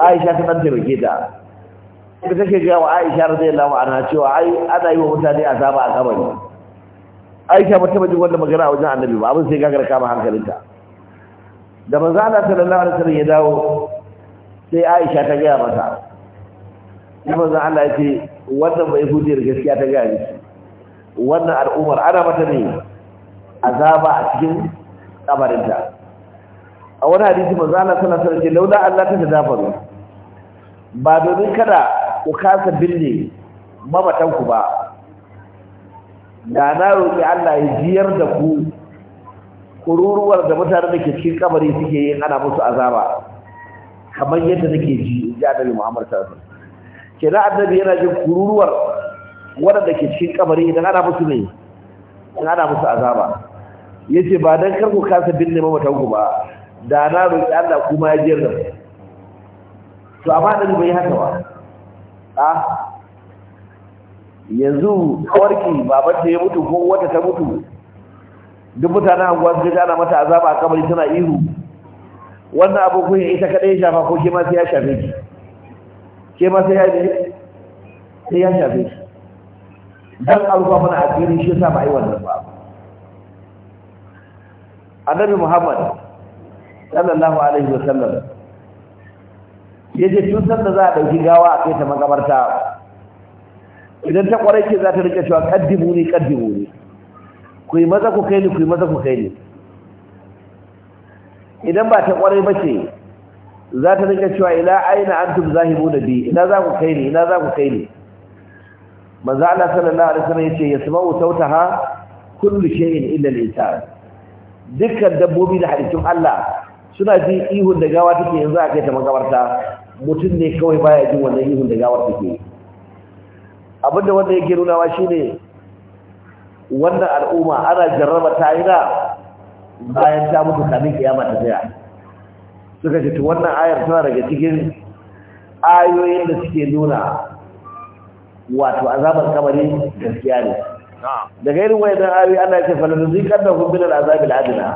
Aisha ta dan taimake ta ita take ga wa Aisha radiyallahu anha cewa ai ana yi wa mutane azaba a kabari aisha ba taba jin wanda magana a wajen annabi ba abin sai gagara kama hankalinta da manzo Allah sallallahu alaihi wasallam ya dawo sai aisha ta gaya masa ni manzo Allah ya ce wannan bai hujjar gaskiya ta gaya miki wannan al'ummar ana mata ne azaba a cikin kabarinta a wani hadisi manzo Allah sallallahu alaihi wasallam ce laula Allah ta tadafaru ba domin kada ku kasa binne ku ba da na roƙi Allah ya jiyar da ku kururuwar da mutane da ke cikin yi suke yin ana musu azaba kamar yadda nake ji ji annabi Muhammad sallallahu alaihi wasallam da annabi yana jin kururuwar waɗanda ke cikin yi idan ana musu ne in ana musu azaba yace ba dan kar ku kasa binne mamatan ku ba da na roƙi Allah kuma ya jiyar da ku to amma annabi bai haka ba ah yanzu kawarki babar ta ya mutu ko wata ta mutu duk mutanen anguwa suka gana mata azaba a kamar tana ihu wannan abu kun ita kadai ya shafa ko kima sai ya shafe ki ke sai ya ne sai ya shafe ki dan alfa mana asiri shi yasa ba yi wannan ba annabi muhammad sallallahu alaihi wasallam yaje tun sanda za a dauki gawa a kai ta makabarta idan ta kwarai ce za ta rike cewa kaddimu ne kaddimu ne ku yi maza ku kai ni ku yi maza ku kai ni idan ba ta kwarai ba ce za ta rike cewa ila aina antum zahibu da bi ina za ku kai ni ina za ku kai ni manzo Allah sallallahu alaihi wasallam yace yasma'u sautaha kullu shay'in illa al-insan dukkan dabbobi da halittun Allah suna ji ihun da gawa take yanzu a kai ta magabarta mutum ne kawai baya jin wannan ihun da gawar take yi abinda wanda yake nunawa ne wannan al'umma ana jarraba ta ina bayan ta mutu kamin kiyama ta tsaya suka ce to wannan ayar tana daga cikin ayoyin da suke nuna wato azabar kamari gaskiya ne daga irin wayannan ayoyi ana ce falazuziqannahum min al'azabil adna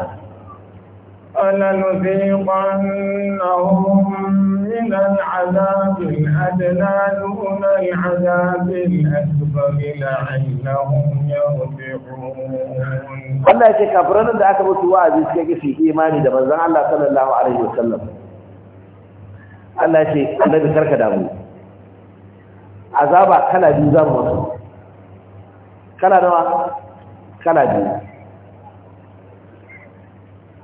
ana nuziqannahum من العذاب الأدنى دون العذاب الأكبر لعلهم يرجعون Allah ya ce kafiran da aka mutu wa'azi suka ki imani da manzon Allah sallallahu الله wasallam Allah ya ce annabi karka damu azaba kala biyu za mu wasu kala kala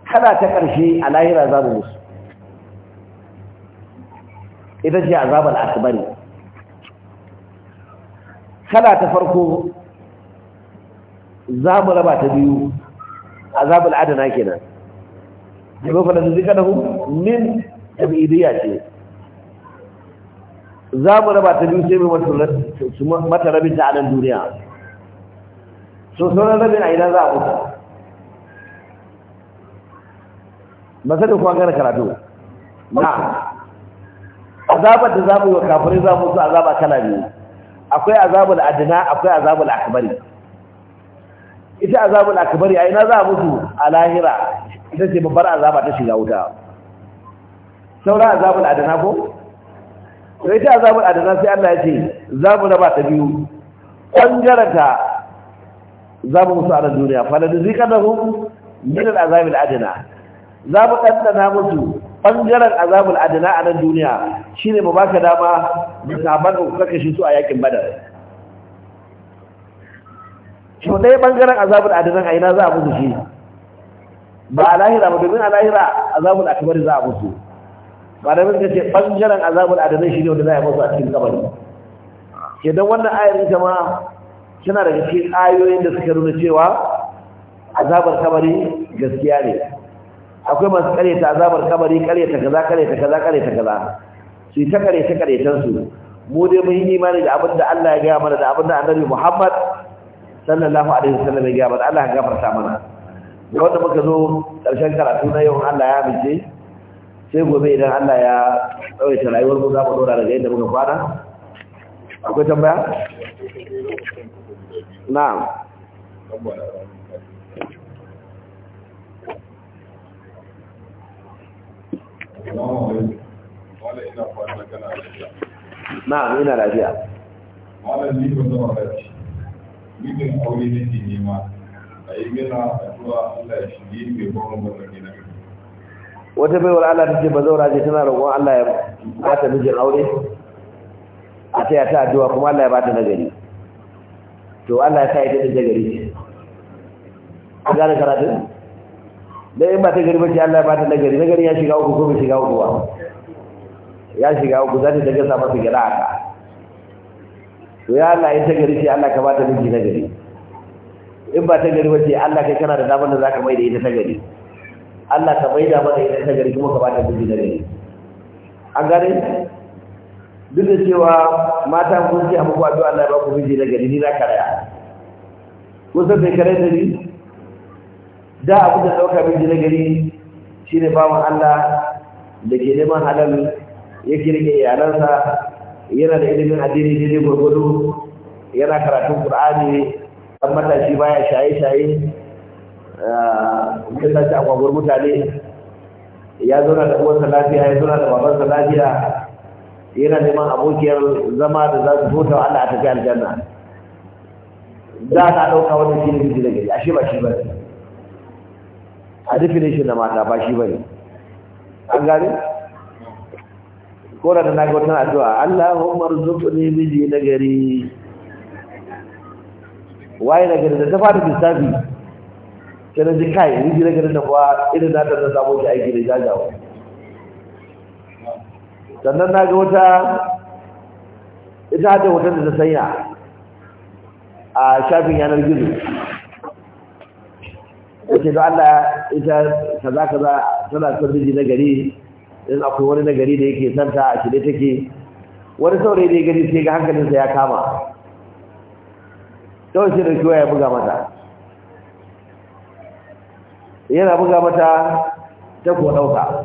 ta ƙarshe a lahira za mu musu ita ce azabar akbari kala ta farko za mu raba ta biyu azabar adana kenan jami'a falata zika da min tabi'idiyya ce za mu raba ta biyu sai mai mata rabin ta anan duniya so sauran rabin a ina za a mutu ba sai da kuwa gane karatu na'am azabar da zamu yi wa kafirai zamu su azaba kala biyu akwai azabul adna akwai azabul akbari ita azabul akbari ai na za su a lahira ita ce babbar azaba ta shiga wuta saura azabul adna ko to ita azabul adna sai Allah ya ce za mu raba ta biyu za mu musu a duniya fa da zikanahum min al azabil adna zamu dandana musu ɓangaren azabul adana a nan duniya shi ne ba baka dama saban da kuka kashe su a yakin badar shi dai ɓangaren azabul adana a ina za a musu shi ba a lahira ba domin a lahira azabul akbar za a musu ba da minka ce ɓangaren azabul adana ne wanda za a musu a cikin kabari ke dan wannan ayar ita ma daga cikin ayoyin da suka nuna cewa azabar kabari gaskiya ne akwai masu ta azabar kabari ta kaza ta kaza ta kaza su ta kare ta su mu dai mun yi imani da abin da Allah ya gaya mana da abin da Annabi Muhammad sallallahu alaihi wasallam ya gaya mana Allah ya gafarta mana da wanda muka zo karshen karatu na yau Allah ya amince sai gobe idan Allah ya tsawaita rayuwar mu za mu dora daga yadda muka kwana akwai tambaya na'am na'am ina lafiya malam ni ba zama rashi mijin aure ne nake nema a yi mina addu'a Allah ya shige mai gwamnan gwamnan gina wata baiwar Allah ta ce ba zaura ce tana roƙon Allah ya bata mijin aure a taya ta addu'a kuma Allah ya bata nagari to Allah ya sa ita da gari ka gane karatun da in ba ta gari mace Allah ba ta nagari nagari ya shiga uku ko bai shiga uku ba ya shiga uku za ta daga sa masa gida haka to ya Allah yi ta gari ce Allah ka ba ta miji nagari in ba ta gari mace Allah kai kana da damar da zaka mai da ita ta gari Allah ka mai da mata ita ta gari kuma ka ba ta miji nagari A gane duk da cewa mata kun ce a muku addu'a Allah ya ba ku miji nagari ni na karaya Kusa san bai karaya da ni da abin da ɗauka min na gari shi ne ba Allah da ke neman halal ya kirge iyalansa yana da ilimin addini jini gwargwado yana karatun Kur'ani, ɗan matashi baya shaye-shaye eh, ya sace a kwagwar mutane ya zauna da uwarsa lafiya ya zauna da babansa lafiya yana neman abokiyar zama da za su fota wa Allah a tafi aljanna da ka ɗauka wani shi ne na gari shi ba shi ba ne a definition na mata ba shi bane an gane ko da na ga wata addu'a Allahumma rzuqni miji nagari waye nagari da ta fara lissafi sai na ji kai miji nagari da kuwa irin na da na samu ki aiki da jajawa sannan na ga wata ita ta wata da ta sanya a shafin yanar gizo yake da Allah ita kaza kaza tana son miji na gari in akwai wani na gari da yake santa a shirye take wani saurayi da ya gani sai ga hankalinsa ya kama ta sai da kiwa ya buga mata yana buga mata ta kuwa ɗauka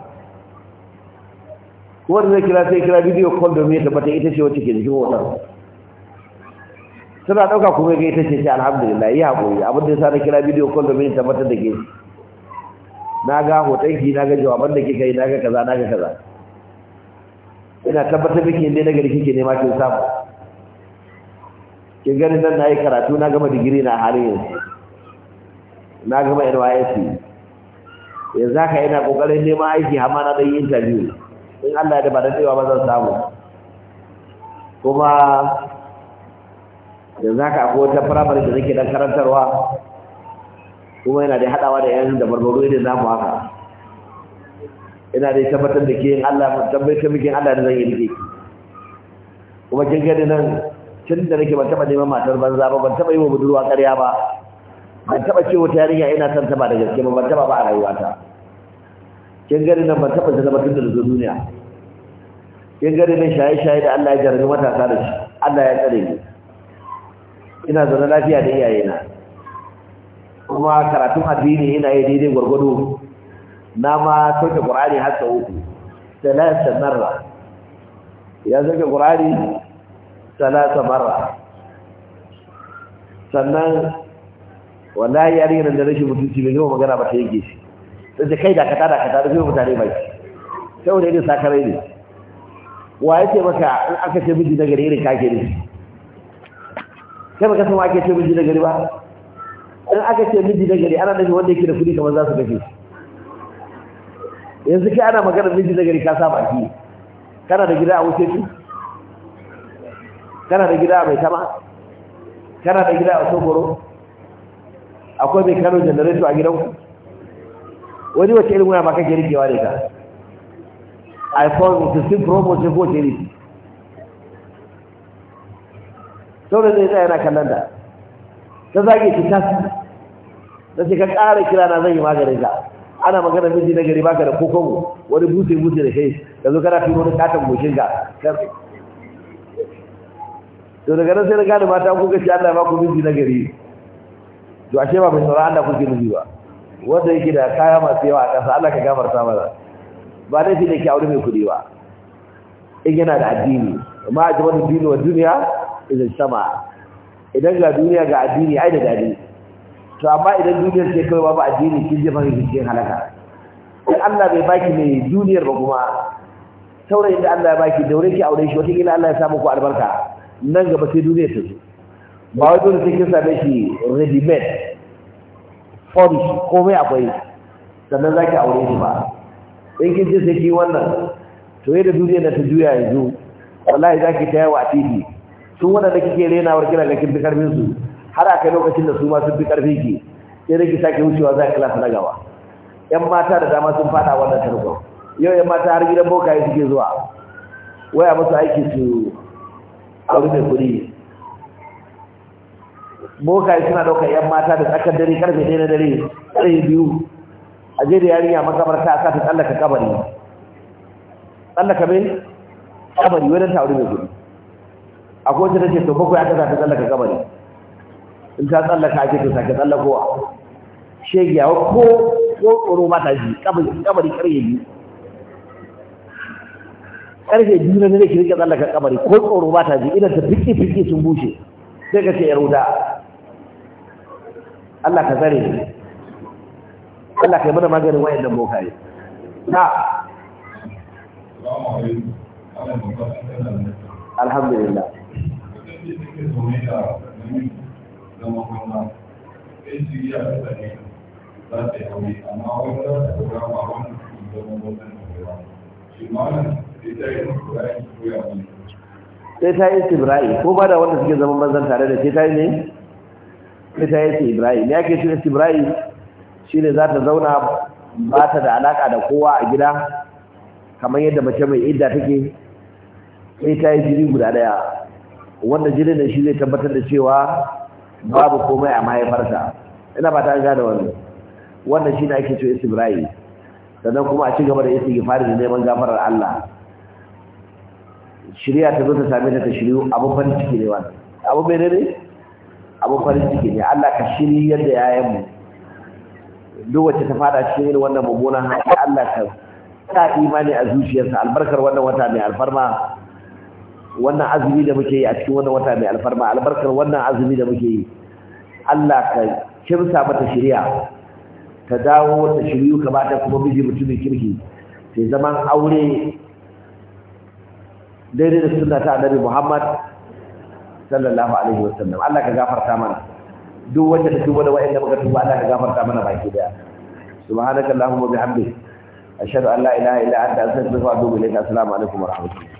kuma da zai kira sai kira bidiyo kwan domin ya tabbata ita ce wacce ke jikin wutar. suna ɗauka kuma ga ita ce ce alhamdulillah yi haƙuri abin da ya sa na kira bidiyo kwan domin tabbatar da ke na ga hotonki na ga jawaban da kika yi na ga kaza na ga kaza ina tabbatar ke ne na gari kike nema kin samu kin gani nan na yi karatu na gama digiri na halin yanzu na gama NYSC yanzu haka yana ƙoƙarin neman aiki har ma na yi interview in Allah ya da ba da tsayawa ba zan samu kuma yanzu haka akwai wata firamare da nake dan karantarwa kuma yana da haɗawa da yan da barbaro za mu haka ina da tabbatar da ke Allah tabbatar miki Allah da zan yi miki kuma kin gani nan tun da nake ban taba neman matar banza ba ban taba yi wa budurwa ƙarya ba ban taba ce wata yarinya ina son ta ba da gaske ba ban taba ba a rayuwata kin gani nan ban taba zama tun da zo duniya kin gani nan shaye-shaye da Allah ya jarumi matasa da shi Allah ya tsare ni ina zaune lafiya da iyayena kuma karatun addini ina yi daidai gwargwado na ma sauke ƙurari har sau uku talata marra ya sauke ƙurari talata marra sannan wallahi yari nan da rashin mutunci mai gama magana ba ta yanke shi sai da kai dakata dakata da zai mutane ba shi sai wani irin sakarai ne wa ya ce maka in aka ce miji na gari irin kake ne kai baka san ake ce miji da gari ba in aka ce miji da gari ana nufi wanda yake da kuɗi kamar za su kashe yanzu kai ana magana miji da gari ka sa baki kana da gida a wuce ki kana da gida a mai tama kana da gida a sokoro akwai mai kano janareto a ku? wani wace irin wuya ma kake rikewa da ka iphone 15 pro mace ko ce saboda zai tsaye yana kallon da ta zage ki tas ta ce ka ƙara kira na zan yi maganin ka ana magana miji na gari baka da kokon wani buse buse da kai ka zo kana fito wani katon gushin ka to daga nan sai na gane mata kuka ci Allah ba ku miji na gari to ashe ba mai saura Allah kuke nufi ba wanda yake da kaya masu yawa a ƙasa Allah ka gafarta mana ba dai shi ne ke aure mai kuɗi ba in yana da addini amma a jama'a dini wa duniya idan sama idan ga duniya ga addini ai da dadi, to amma idan duniyar ce kawai babu addini kin jefa fara cikin halaka dan Allah bai baki mai duniyar ba kuma saurayin da Allah ya baki daure ki aure shi kila Allah ya samu ku albarka nan gaba sai duniyar ta zo ba wai dole sai kin same shi ready made furnish komai akwai sannan za ki aure shi ba in kin je sai ki wannan to yadda duniyar na ta juya yanzu wallahi za ki ta yawa a titi sun da kike renawar kira ga kin karfin su har aka lokacin da su ma sun fi karfi ki sai da ki sake wucewa za ka lafa dagawa yan mata da dama sun fada wannan tarko yau yan mata har gidan bokaye suke zuwa waya musu aiki su wurin mai kuɗi bokaye suna ɗaukar yan mata da tsakar dare karfe ɗaya na dare tsaye biyu a je da yarinya makabarta a sa ta tsallaka kabari tsallaka mai kabari wadanta ta aure mai kuɗi akwai wata take to bakwai aka za ta tsallaka kabari in ta tsallaka ake to sake tsallakowa shegiya ko ko tsoro mata ji kabari karye biyu karfe biyu na dare ki rika tsallaka kabari ko tsoro ba ta ji idan ta fiki fiki sun bushe sai ka ce ya ruda Allah ka zare ni Allah ka yi mana maganin wayannan bokaye na alhamdulillah suke zaune da namiji zama gwamna sai su yi a kasane za ta yi aure amma wani za ta dora ma wanda suke zama gwamna da dora shi malam sai ta yi musu ra'ayi su koya mai sai ta yi istibra'i ko ba da wanda suke zaman banzan tare da sai ta yi ne sai ta yi istibra'i ne ake cire istibra'i shine za ta zauna ba ta da alaka da kowa a gida kamar yadda mace mai idda take sai ta yi jiri guda daya wanda jinin da shi zai tabbatar da cewa babu komai a mahaifarsa ina ba ta gane wani wannan shi ne ake cewa istibra'i sannan kuma a ci gaba da istighfari da neman gafarar Allah shirya ta zo ta same ta shiryu abin farin ciki ne wani abu bai ne abin farin ciki ne Allah ka yadda ya yi mu duk wacce ta fada cikin irin wannan mummunan haƙi Allah ka sa imani a zuciyarsa albarkar wannan wata mai alfarma wannan azumi da muke yi a cikin wannan wata mai alfarma albarkar wannan azumi da muke yi Allah ka kimsa mata shari'a ta dawo ta shiryu ka ta kuma miji mutumin kirki sai zaman aure daidai da sunna ta annabi Muhammad sallallahu alaihi wa sallam. Allah ka gafarta mana duk wanda ta tuba da wa'anda muka tuba Allah ka gafarta mana baki daya subhanakallahumma bihamdika ashhadu an la ilaha illa anta astaghfiruka wa atubu ilaik assalamu alaikum wa rahmatullahi